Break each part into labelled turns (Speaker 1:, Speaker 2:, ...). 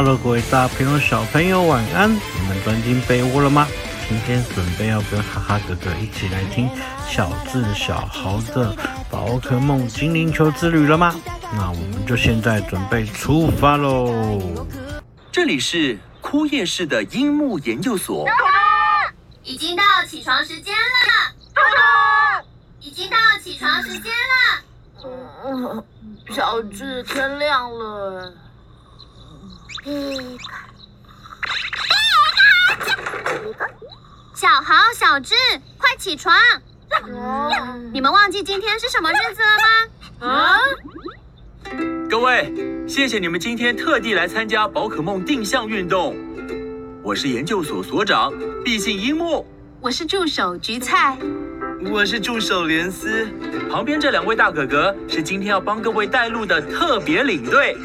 Speaker 1: 哈嘍，各位大朋友、小朋友，晚安！你們鑽進被窩了嗎？今天準備要跟哈哈哥哥一起來聽小智、小豪的寶可夢精靈球之旅了嗎？那我們就現在準備出發嘍！
Speaker 2: 這裡是枯葉市的櫻木研究所。已經到起床時間了。已經到起床時間了。嗯，小智，天亮了。小豪、小智，快起床！嗯、你們忘記今天是什麼日子了嗎？啊！各位，謝謝你們今天特地來參加寶可夢定向運動。我是研究所所長畢信櫻木，我是助手菊菜。我是助手連斯，旁邊這兩位大哥哥是今天要幫各位帶路的特別領隊。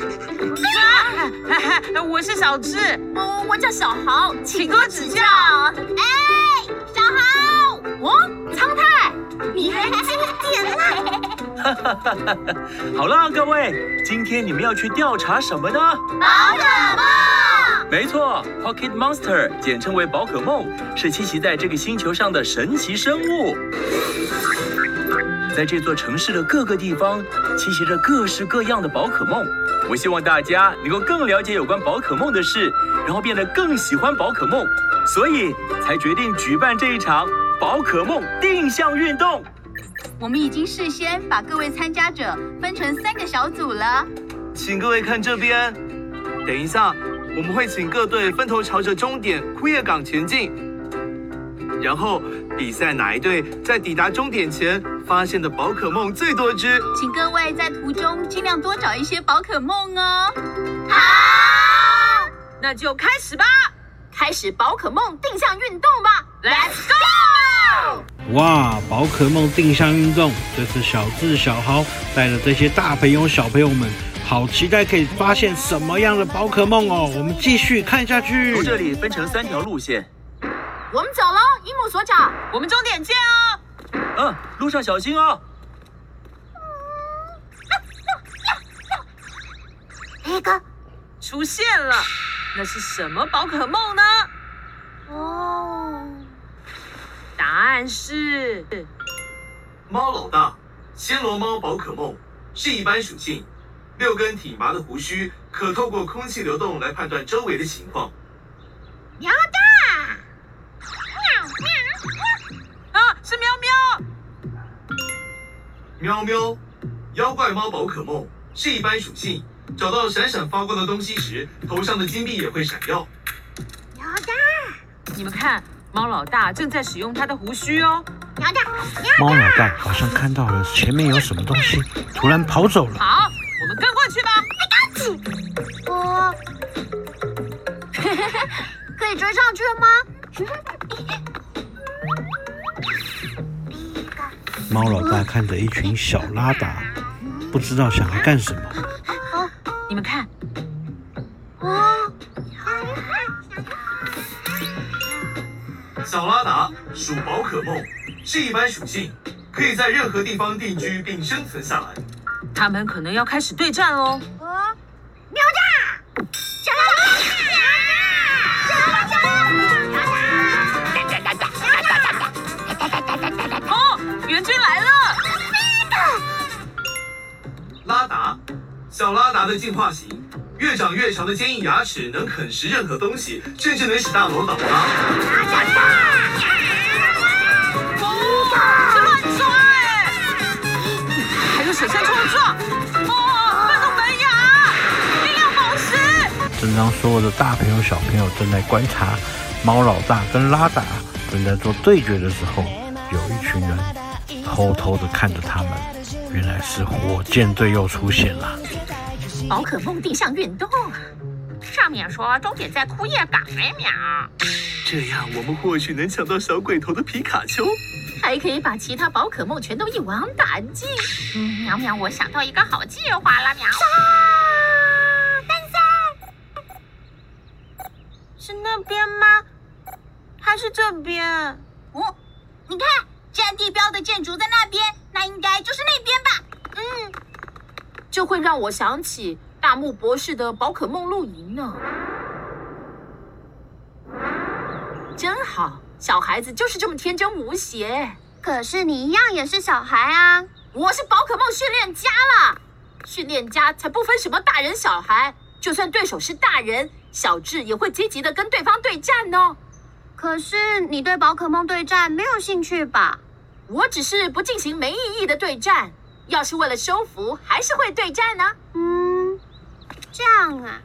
Speaker 3: 啊，我是小智，我我叫小豪，請多指教。哎，小豪，我蒼太，你今天呢？
Speaker 2: 好了，各位，今天你們要去調查什麼呢？寶可夢。沒錯，Pocket Monster 簡稱為寶可夢，是棲息在這個星球上的神奇生物。在這座城市的各個地方，棲息着各式各樣的寶可夢。我希望大家能夠更了解有關寶可夢的事，然後變得更喜歡寶可夢，所以才決定舉辦這一場寶可夢定向運動。我們已經事先把各位參加者分成三個小組了，請各位看這邊。等
Speaker 3: 一下。我們會請各隊分頭朝着終點枯葉港前進，然後比賽哪一隊在抵達終點前發現的寶可夢最多隻。
Speaker 2: 請各位在途中盡量多找一些寶可夢哦。好，那就開始吧，開始寶可夢定向運動吧。
Speaker 3: Let's go！
Speaker 1: 哇，寶可夢定向運動，這次小智、小豪帶着這些大朋友、小朋友們。好期待可以發現什麼樣的寶可夢哦！我們繼續看下去。這裡分成三條路線，
Speaker 2: 我們走嘍！櫻木所長，我們終點見哦。嗯，路上小心哦。
Speaker 3: 雷哥出現了，那是什麼寶可夢呢？哦，
Speaker 2: 答案是
Speaker 3: 貓老大，暹羅貓寶可夢是一般屬性。六根挺拔的鬍鬚，可透過空氣流動來判斷周圍的情況。喵大，喵喵，喵。啊，是喵喵。喵喵，妖怪貓寶可夢是一般屬性，找到閃閃發光的東西時，頭上的金幣也會閃耀。喵大，你們看，貓老大正在使用他的鬍鬚哦。喵大，喵大。
Speaker 1: 貓老大好像看到了前面有什麼東西，喵喵突然跑走
Speaker 3: 了。跑我、哦、可以追上去了嗎？
Speaker 1: 貓老大看着一群小拉達，不知道想要幹什麼。哦，
Speaker 2: 你們看，哦、小拉達
Speaker 3: 屬寶可夢，是一般屬性，可以在任何地方定居並生存下來。他們可能要開始對戰哦。進化型，越長越長的堅硬牙齒能啃食任何東西，甚至能使大樓倒塌。啊啊啊啊、哦，別亂說哎！還有手下衝撞，哦，憤
Speaker 1: 怒門牙，力量爆升。正當所有的大朋友小朋友正在觀察貓老大跟拉達正在做對決的時候，有一群人偷偷的看着他們，原來是火箭隊又出現了。
Speaker 3: 寶可夢定向運動，上面說終點在枯葉港。喵，
Speaker 1: 這樣我們或許能搶到小
Speaker 3: 鬼頭的皮卡丘，還可以把其他寶可夢全都一網打盡。嗯，喵喵，我想到一個好計劃了，喵、啊！是那邊嗎？還是這邊？哦，你看，占地標的建築在那邊，那應該就是那邊吧？嗯。
Speaker 2: 就會讓我想起大木博士的寶可夢露營呢，真好，小孩子
Speaker 3: 就是這麼天真無邪。可是你一樣也是小孩啊？我是寶可夢訓練家了，訓練家才不分什麼大人小孩，就算對手是大人，小智也會積極的跟對方對戰哦。可是你對寶可夢對戰沒有興趣吧？我只是不進行沒意義的對戰。要是為了收服，還是會對戰呢？啊？嗯，這樣啊。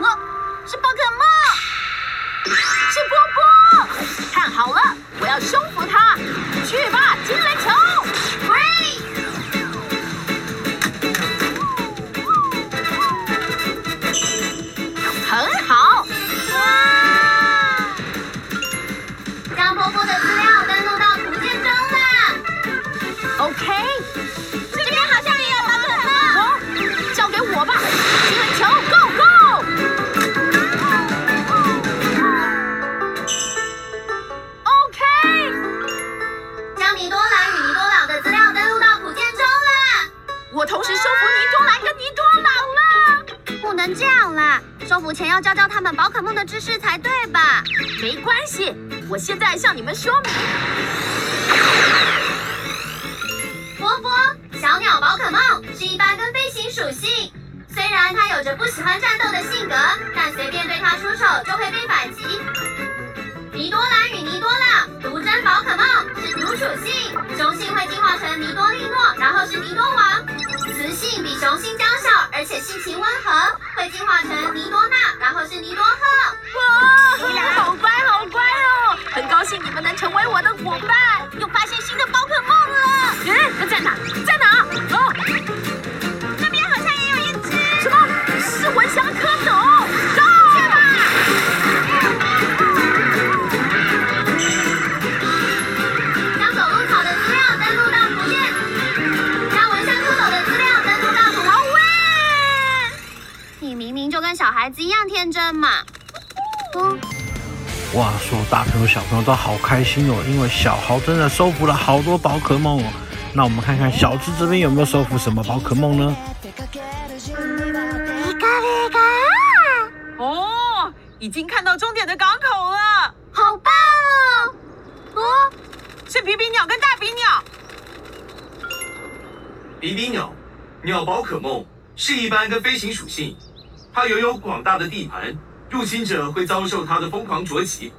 Speaker 3: 我、哦，是寶可夢，是波波。看好了，我要收服他，去吧，精靈！
Speaker 2: 現在向你們說明，波波，小鳥寶可夢是一般跟飛行屬性。雖然它有着不喜歡戰鬥的性格，但隨便對它出手就會被反擊。尼多蘭與尼多朗，毒針寶可夢是毒屬性，雄性會進化成尼多力諾，然後是尼多王。雌性比雄性嬌小，而且性情溫和，會進化成尼多娜，然後是尼多後。哇
Speaker 3: 信你們能成為我的夥伴，又發現新的寶可夢了。哎，那在哪？在哪？哦，那邊好像也有一隻什麼？是蚊香蝌蚪。走去吧。
Speaker 2: 將走路草的資料登錄到圖鑑，將蚊香蝌蚪的資料登錄到圖鑑。
Speaker 3: 耶你明明就跟小孩子一樣天真嘛。哦
Speaker 1: 哇！說大朋友小朋友都好開心哦，因為小豪真的收服了好多寶可夢哦。那我們看看小智這邊有沒有收服什麼寶可夢呢？
Speaker 3: 哦，已經看到終點的港口了，好棒啊！哦，是比比鳥跟大比鳥。比比鳥，鳥寶可夢是一般跟飛行屬性，它擁有廣大的地盤。入侵者會遭受他的瘋狂啄擊。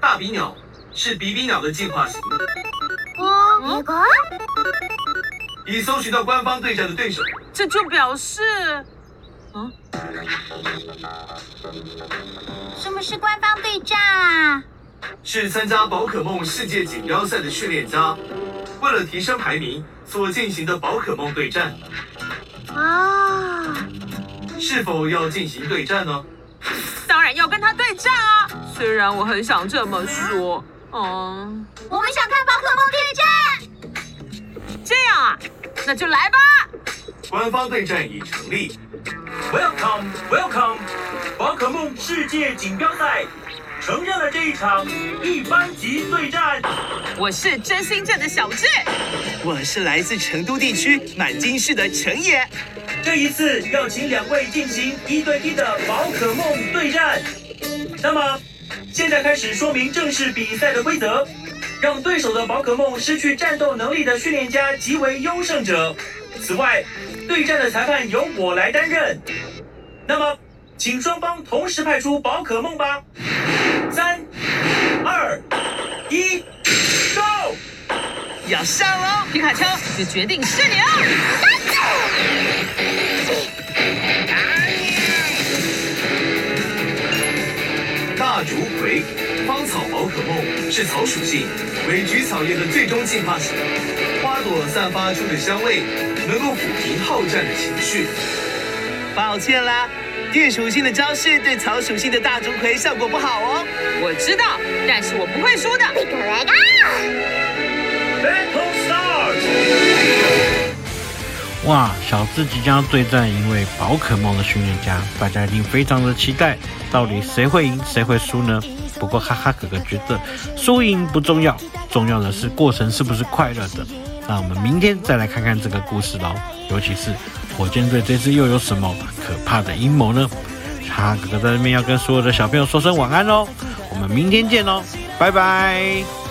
Speaker 3: 大比鳥是比比鳥的進化型。哦，這個？已搜尋到官方對戰的對手。
Speaker 2: 這就表示……嗯？什麼是官方對戰啊？
Speaker 3: 是參加寶可夢世界錦標賽的訓練家，為了提升排名所進行的寶可夢對戰。啊！是否要進行對戰呢？要跟他對戰啊！雖然我很想這麼說，嗯有，啊、我們想看寶可夢對戰，這樣啊，那就來吧。
Speaker 2: 官方對戰已成立，Welcome，Welcome，welcome, 寶可夢世界錦標賽承認了這一場一般級對戰。我是真新鎮的小智，我是來自城都地區滿金市的陳也。這一次要請兩位進行一對一的寶可夢對戰。那麼，現在開始說明正式比賽的規則：讓對手的寶可夢失去戰鬥能力的訓練家即為優勝者。此外，對戰的裁判由我來擔任。那麼，請雙方同時派出寶可夢吧。三、二、一，Go！要上嘍、哦，皮
Speaker 3: 卡丘，就決定是你了、哦。是草屬性，為菊草葉的最終進化型。花朵散發出的香味能夠撫平好戰的情緒。抱歉啦，電屬性的招式對草屬性的大竺葵效果不好哦。我知道，
Speaker 2: 但是我不會輸的。來吧！Battle Start！
Speaker 1: 哇，小智即將對戰一位寶可夢的訓練家，大家一定非常的期待，到底誰會贏，誰會輸呢？不過哈哈哥哥覺得，輸贏不重要，重要的是過程是不是快樂的。那我們明天再來看看這個故事嘍，尤其是火箭隊這次又有什麼可怕的陰謀呢？哈哈哥哥在這邊要跟所有的小朋友說聲晚安嘍、哦，我們明天見嘍、哦，拜拜。